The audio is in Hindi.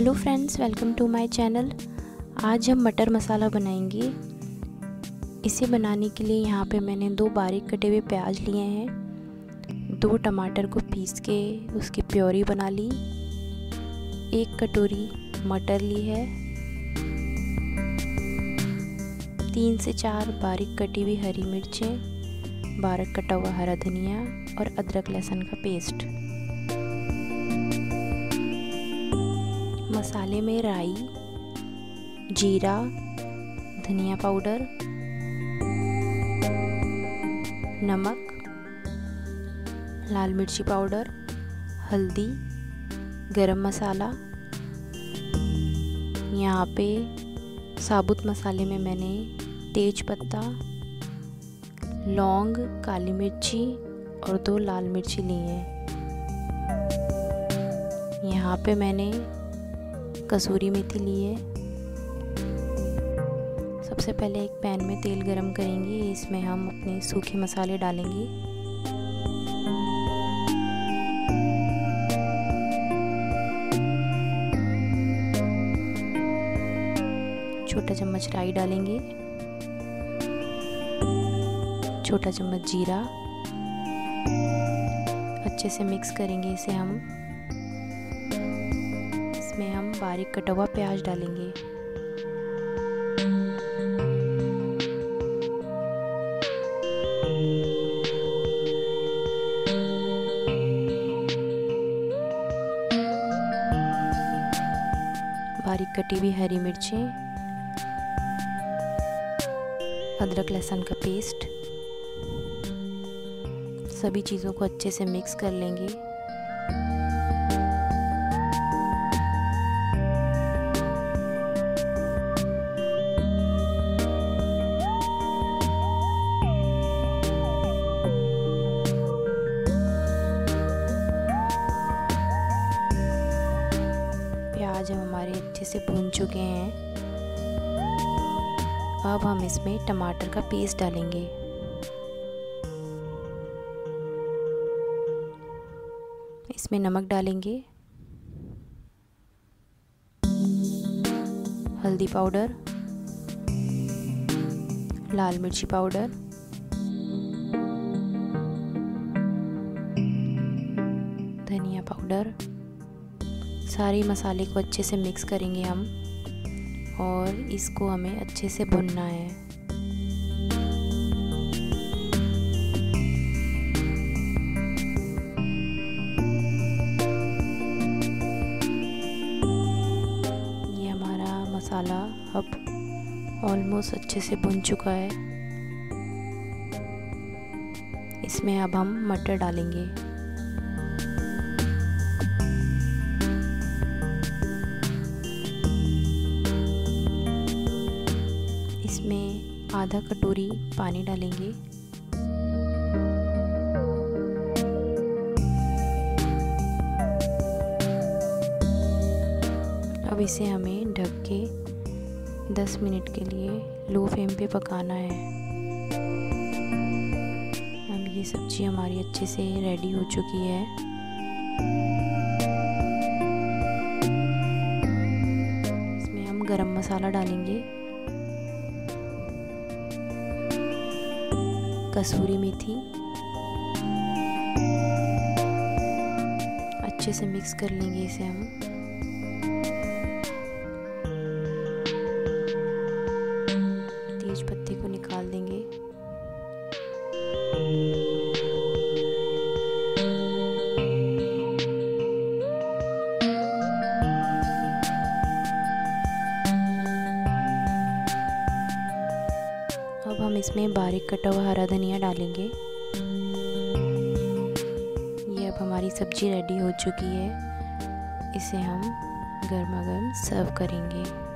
hello friends welcome to my channel आज हम मटर मसाला बनाएंगे इसे बनाने के लिए यहाँ पे मैंने दो बारीक कटे हुए प्याज लिए हैं दो टमाटर को पीस के उसकी प्योरी बना ली एक कटोरी मटर ली है तीन से चार बारीक कटी हुई हरी मिर्चें बारक कटा हुआ हरा धनिया और अदरक लहसुन का पेस्ट मसाले में राई जीरा धनिया पाउडर नमक लाल मिर्ची पाउडर हल्दी गरम मसाला यहाँ पे साबुत मसाले में मैंने तेज पत्ता लौंग काली मिर्ची और दो लाल मिर्ची ली हैं यहाँ पे मैंने कसूरी मेथी ली है सबसे पहले एक पैन में तेल गरम करेंगे इसमें हम अपने सूखे मसाले डालेंगे छोटा चम्मच राई डालेंगे छोटा चम्मच जीरा अच्छे से मिक्स करेंगे इसे हम बारीक कटा हुआ प्याज डालेंगे बारीक कटी हुई हरी मिर्चें अदरक लहसुन का पेस्ट सभी चीज़ों को अच्छे से मिक्स कर लेंगे प्याज हम हमारे अच्छे से भून चुके हैं अब हम इसमें टमाटर का पेस्ट डालेंगे इसमें नमक डालेंगे हल्दी पाउडर लाल मिर्ची पाउडर धनिया पाउडर सारे मसाले को अच्छे से मिक्स करेंगे हम और इसको हमें अच्छे से भुनना है ये हमारा मसाला अब ऑलमोस्ट अच्छे से भुन चुका है इसमें अब हम मटर डालेंगे आधा कटोरी पानी डालेंगे अब इसे हमें ढक के 10 मिनट के लिए लो फ्लेम पे पकाना है अब ये सब्ज़ी हमारी अच्छे से रेडी हो चुकी है इसमें हम गरम मसाला डालेंगे कसूरी मेथी अच्छे से मिक्स कर लेंगे इसे हम अब हम इसमें बारीक कटा हुआ हरा धनिया डालेंगे ये अब हमारी सब्जी रेडी हो चुकी है इसे हम गर्मा गर्म सर्व करेंगे